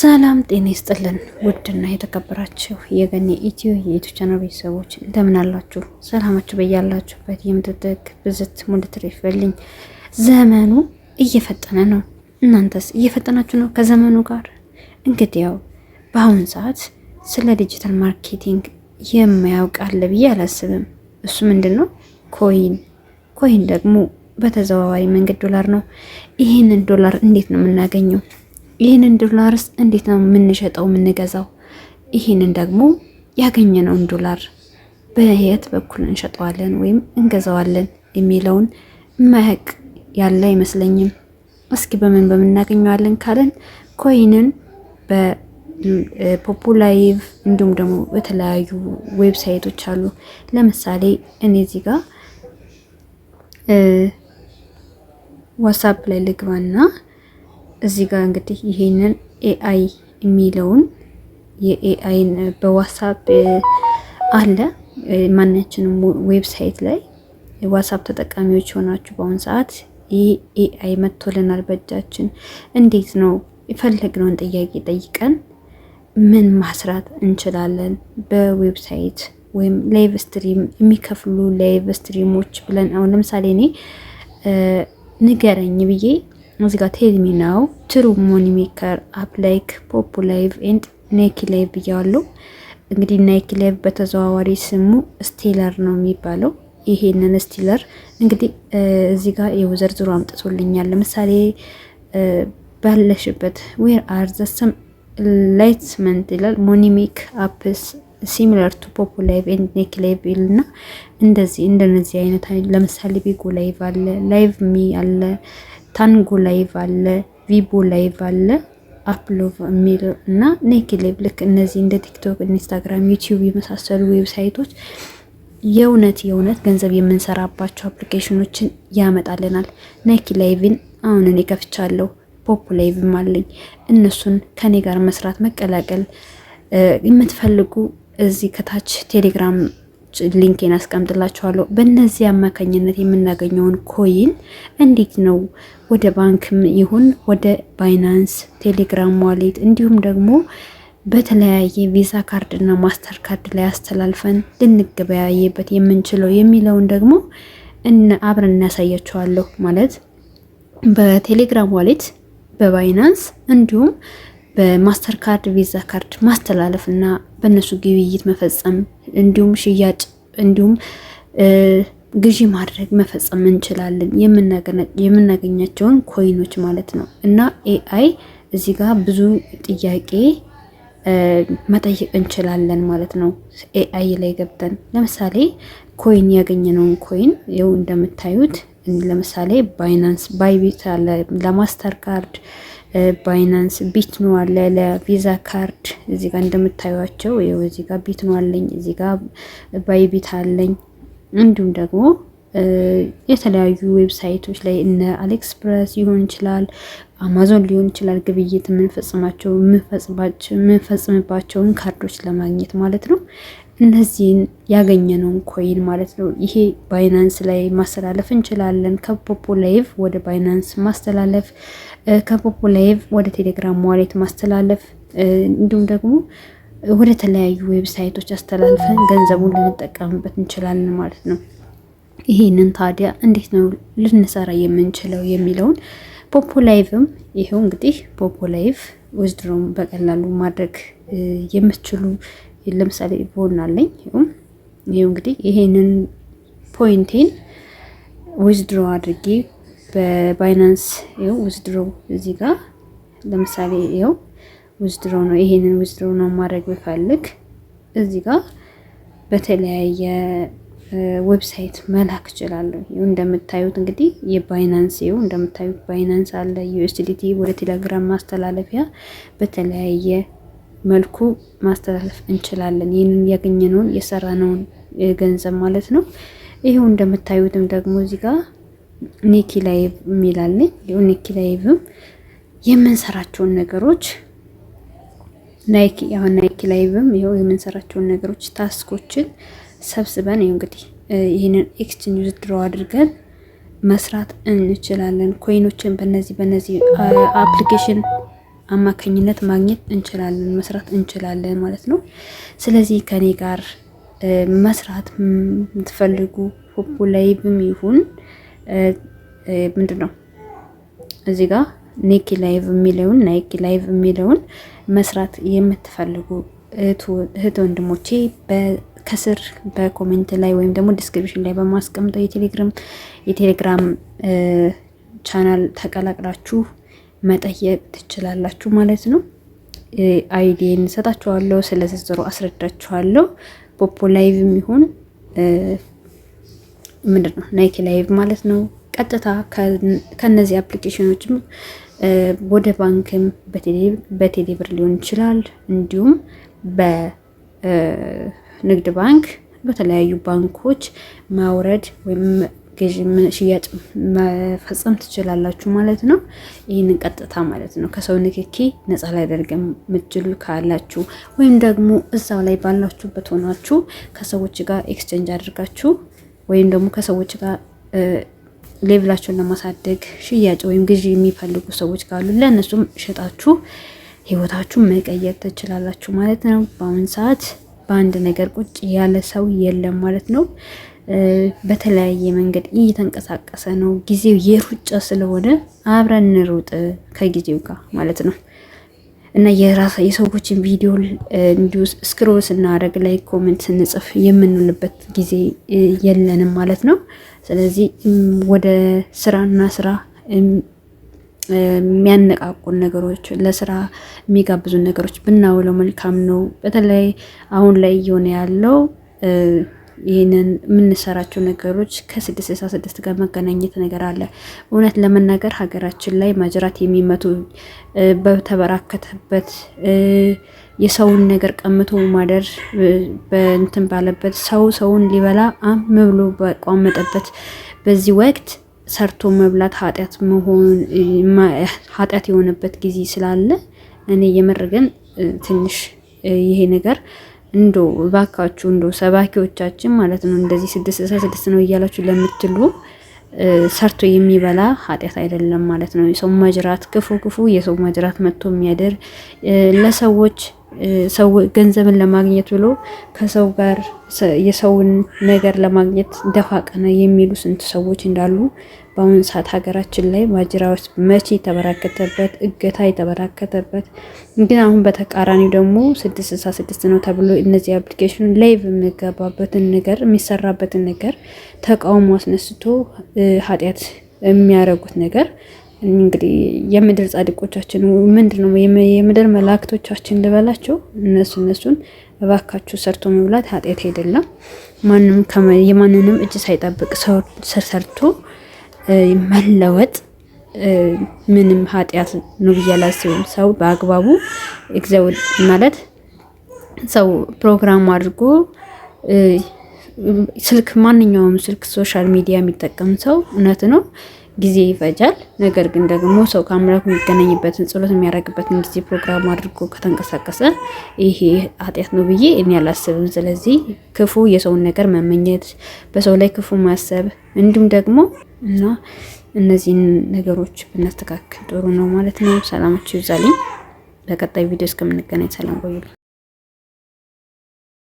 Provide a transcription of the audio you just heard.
ሰላም ጤና ይስጥልን። ውድና የተከበራችሁ የገኒ ኢትዮ የኢትዮ ቻናል ቤተሰቦች እንደምን አላችሁ? ሰላማችሁ በያላችሁበት የምትደግ ብዝት ሙልትር ይፈልኝ። ዘመኑ እየፈጠነ ነው። እናንተስ እየፈጠናችሁ ነው ከዘመኑ ጋር? እንግዲህ ያው በአሁን ሰዓት ስለ ዲጂታል ማርኬቲንግ የማያውቅ አለ ብዬ አላስብም። እሱ ምንድን ነው? ኮይን ኮይን ደግሞ በተዘዋዋሪ መንገድ ዶላር ነው። ይህንን ዶላር እንዴት ነው የምናገኘው? ይህንን ዶላርስ እንዴት ነው የምንሸጠው የምንገዛው? ይህንን ደግሞ ያገኘነውን ዶላር በየት በኩል እንሸጠዋለን ወይም እንገዛዋለን የሚለውን መህቅ ያለ አይመስለኝም። እስኪ በምን በምን ካለን ኮይንን በፖፑላይቭ እንዲሁም ደግሞ በተለያዩ ዌብሳይቶች አሉ። ለምሳሌ እኔ እዚህ ጋር ዋትሳፕ ላይ ልግባና እዚህ ጋር እንግዲህ ይሄንን ኤአይ የሚለውን የኤአይን በዋትሳፕ አለ ማናችንም ዌብሳይት ላይ ዋትሳፕ ተጠቃሚዎች ሆናችሁ በአሁን ሰዓት ይህ ኤአይ መጥቶልናል በእጃችን። እንዴት ነው የፈለግነውን ጥያቄ ጠይቀን ምን ማስራት እንችላለን? በዌብሳይት ወይም ላይቭ ስትሪም የሚከፍሉ ላይቭ ስትሪሞች ብለን አሁን ለምሳሌ እኔ ንገረኝ ብዬ እዚህ ጋር ቴል ሚ ናው ትሩ ሞኒ ሜከር አፕ ላይክ ፖፕ ላይቭ ኤንድ ኔክ ላይቭ ብያዋሉ። እንግዲህ ናይኪ ላይቭ በተዘዋዋሪ ስሙ ስቴለር ነው የሚባለው። ይሄንን ስቴለር እንግዲህ እዚህ ጋር የውዘር ዝሮ አምጥቶልኛል። ለምሳሌ ባለሽበት ዌር አር ዘ ሰም ላይትመንት ይላል ሞኒ ሜክ አፕስ ሲሚለር ቱ ፖፕ ላይቭ ኤንድ ኔክ ላይቭ ይልና እንደዚህ እንደነዚህ አይነት ለምሳሌ ቢጎ ላይቭ አለ ላይቭ ሚ አለ ታንጎ ላይቭ አለ፣ ቪቦ ላይቭ አለ፣ አፕሎቭ የሚል እና ኔክ ላይቭ ልክ እነዚህ እንደ ቲክቶክ፣ ኢንስታግራም፣ ዩቲዩብ የመሳሰሉ ዌብሳይቶች የእውነት የእውነት ገንዘብ የምንሰራባቸው አፕሊኬሽኖችን ያመጣልናል። ናይኪ ላይቭን አሁን እኔ ከፍቻለሁ፣ ፖፕ ላይቭም አለኝ። እነሱን ከኔ ጋር መስራት መቀላቀል የምትፈልጉ እዚህ ከታች ቴሌግራም ሊንኬን አስቀምጥላችኋለሁ። በእነዚህ አማካኝነት የምናገኘውን ኮይን እንዴት ነው ወደ ባንክም ይሁን ወደ ባይናንስ፣ ቴሌግራም ዋሌት እንዲሁም ደግሞ በተለያየ ቪዛ ካርድ ና ማስተር ካርድ ላይ አስተላልፈን ልንገበያየበት የምንችለው የሚለውን ደግሞ አብረን እናሳያችኋለሁ። ማለት በቴሌግራም ዋሌት፣ በባይናንስ እንዲሁም በማስተር ካርድ ቪዛ ካርድ ማስተላለፍ እና በእነሱ ግብይት መፈጸም እንዲሁም ሽያጭ እንዲሁም ግዢ ማድረግ መፈጸም እንችላለን፣ የምናገኛቸውን ኮይኖች ማለት ነው። እና ኤአይ እዚህ ጋር ብዙ ጥያቄ መጠየቅ እንችላለን ማለት ነው። ኤአይ ላይ ገብተን ለምሳሌ ኮይን ያገኘነውን ኮይን ይኸው እንደምታዩት ለምሳሌ ባይናንስ ባይቢት አለ ለማስተር ካርድ ባይናንስ ቢትኖ አለ ለቪዛ ካርድ እዚህ ጋር እንደምታዩቸው ይኸው እዚህ ጋር ቢትኖ አለኝ፣ እዚህ ጋር ባይቢት አለኝ። እንዲሁም ደግሞ የተለያዩ ዌብሳይቶች ላይ እነ አሊኤክስፕረስ ሊሆን ይችላል አማዞን ሊሆን ይችላል ግብይት የምንፈጽማቸው የምንፈጽምባቸውን ካርዶች ለማግኘት ማለት ነው። እነዚህን ያገኘነውን ኮይን ማለት ነው። ይሄ ባይናንስ ላይ ማስተላለፍ እንችላለን። ከፖፖ ላይቭ ወደ ባይናንስ ማስተላለፍ፣ ከፖፖ ላይቭ ወደ ቴሌግራም ዋሌት ማስተላለፍ እንዲሁም ደግሞ ወደ ተለያዩ ዌብሳይቶች አስተላልፈን ገንዘቡን ልንጠቀምበት እንችላለን ማለት ነው። ይሄንን ታዲያ እንዴት ነው ልንሰራ የምንችለው የሚለውን ፖፖ ላይቭም ይሄው እንግዲህ ፖፖ ላይቭ ዊዝድሮም በቀላሉ ማድረግ የምትችሉ ለምሳሌ ቦን አለኝ። ይኸው እንግዲህ ይሄንን ፖይንቴን ዊዝድሮ አድርጌ በባይናንስ ይኸው ዊዝድሮ እዚህ ጋር ለምሳሌ ይኸው ዊዝድሮ ነው። ይሄንን ዊዝድሮ ነው ማድረግ ብፈልግ እዚህ ጋር በተለያየ ዌብሳይት መላክ እችላለሁ። እንደምታዩት እንግዲህ የባይናንስ ይኸው እንደምታዩት ባይናንስ አለ ዩኤስዲቲ ወደ ቴሌግራም ማስተላለፊያ በተለያየ መልኩ ማስተላለፍ እንችላለን። ይህንን ያገኘነውን የሰራነውን ገንዘብ ማለት ነው። ይሄው እንደምታዩትም ደግሞ እዚህ ጋር ኒኪ ላይቭ የሚላለኝ ይኸው ኒኪ ላይቭም የምንሰራቸውን ነገሮች ናይኪ አሁን ናይኪ ላይቭም ይኸው የምንሰራቸውን ነገሮች ታስኮችን ሰብስበን ይኸው እንግዲህ ይህንን ኤክስቼንጅ ውዝድሮ አድርገን መስራት እንችላለን። ኮይኖችን በነዚህ በነዚህ አፕሊኬሽን አማካኝነት ማግኘት እንችላለን፣ መስራት እንችላለን ማለት ነው። ስለዚህ ከኔ ጋር መስራት የምትፈልጉ ፖፖ ላይቭም ይሁን ምንድን ነው እዚህ ጋር ኔኪ ላይቭ የሚለውን ናይኪ ላይቭ የሚለውን መስራት የምትፈልጉ እህት ወንድሞቼ ከስር በኮሜንት ላይ ወይም ደግሞ ዲስክሪፕሽን ላይ በማስቀምጠው የቴሌግራም የቴሌግራም ቻናል ተቀላቅላችሁ መጠየቅ ትችላላችሁ ማለት ነው። አይዲን ሰጣችኋለሁ፣ ስለ ዝርዝሩ አስረዳችኋለሁ። ፖፖ ላይቭ የሚሆን ምንድን ነው ናይኪ ላይቭ ማለት ነው። ቀጥታ ከነዚህ አፕሊኬሽኖችም ወደ ባንክም በቴሌብር ሊሆን ይችላል እንዲሁም በንግድ ባንክ በተለያዩ ባንኮች ማውረድ ወይም ግዥ ሽያጭ መፈጸም ትችላላችሁ ማለት ነው። ይህንን ቀጥታ ማለት ነው ከሰው ንክኪ ነጻ ሊያደርግ ምችሉ ካላችሁ ወይም ደግሞ እዛው ላይ ባላችሁበት ሆናችሁ ከሰዎች ጋር ኤክስቼንጅ አድርጋችሁ ወይም ደግሞ ከሰዎች ጋር ሌቭላቸውን ለማሳደግ ሽያጭ ወይም ግዢ የሚፈልጉ ሰዎች ካሉ ለእነሱም ሸጣችሁ ህይወታችሁ መቀየር ትችላላችሁ ማለት ነው። በአሁን ሰዓት በአንድ ነገር ቁጭ ያለ ሰው የለም ማለት ነው። በተለያየ መንገድ እየተንቀሳቀሰ ነው። ጊዜው የሩጫ ስለሆነ አብረን እንሩጥ ከጊዜው ጋር ማለት ነው እና የራሳ የሰዎችን ቪዲዮ እንዲሁ ስክሮል ስናደርግ ላይ ኮሜንት ስንጽፍ የምንውልበት ጊዜ የለንም ማለት ነው። ስለዚህ ወደ ስራና ስራ የሚያነቃቁን ነገሮች ለስራ የሚጋብዙን ነገሮች ብናውለው መልካም ነው። በተለይ አሁን ላይ እየሆነ ያለው ይህንን የምንሰራቸው ነገሮች ከስድስት ስልሳ ስድስት ጋር መገናኘት ነገር አለ። እውነት ለመናገር ሀገራችን ላይ ማጅራት የሚመቱ በተበራከተበት የሰውን ነገር ቀምቶ ማደር በእንትን ባለበት ሰው ሰውን ሊበላ ምብሎ በቋመጠበት በዚህ ወቅት ሰርቶ መብላት ኃጢአት መሆን ኃጢአት የሆነበት ጊዜ ስላለ እኔ የምር ግን ትንሽ ይሄ ነገር እንዶ እባካችሁ እንዶ ሰባኪዎቻችን ማለት ነው እንደዚህ ስድስት ስድስት ነው እያላችሁ ለምትሉ ሰርቶ የሚበላ ኃጢአት አይደለም ማለት ነው። የሰው መጅራት ክፉ ክፉ የሰው መጅራት መጥቶ የሚያድር ለሰዎች ሰው ገንዘብን ለማግኘት ብሎ ከሰው ጋር የሰውን ነገር ለማግኘት ደፋ ቀና የሚሉ ስንት ሰዎች እንዳሉ በአሁኑ ሰዓት ሀገራችን ላይ ማጅራዎች መቼ የተበራከተበት እገታ የተበራከተበት ግን አሁን በተቃራኒው ደግሞ ስድስት ስልሳ ስድስት ነው ተብሎ እነዚህ አፕሊኬሽን ላይቭ የሚገባበትን ነገር የሚሰራበትን ነገር ተቃውሞ አስነስቶ ኃጢአት የሚያደርጉት ነገር እንግዲህ የምድር ጻድቆቻችን ምንድን ነው የምድር መላእክቶቻችን ልበላቸው። እነሱ እነሱን እባካችሁ ሰርቶ መብላት ኃጢአት አይደለም። ማንም የማንንም እጅ ሳይጠብቅ ሰርቶ መለወጥ ምንም ኃጢአት ነው ብዬ አላስብም። ሰው በአግባቡ እግዚአብሔር ማለት ሰው ፕሮግራም አድርጎ ስልክ፣ ማንኛውም ስልክ ሶሻል ሚዲያ የሚጠቀም ሰው እውነት ነው ጊዜ ይፈጃል። ነገር ግን ደግሞ ሰው ከአምላኩ የሚገናኝበትን ጸሎት የሚያደርግበትን ጊዜ ፕሮግራም አድርጎ ከተንቀሳቀሰ ይሄ ኃጢአት ነው ብዬ እኔ አላስብም። ስለዚህ ክፉ የሰውን ነገር መመኘት፣ በሰው ላይ ክፉ ማሰብ እንዲሁም ደግሞ እና እነዚህን ነገሮች ብናስተካክል ጥሩ ነው ማለት ነው። ሰላማችሁ ይብዛልኝ። በቀጣይ ቪዲዮ እስከምንገናኝ ሰላም ቆዩልኝ።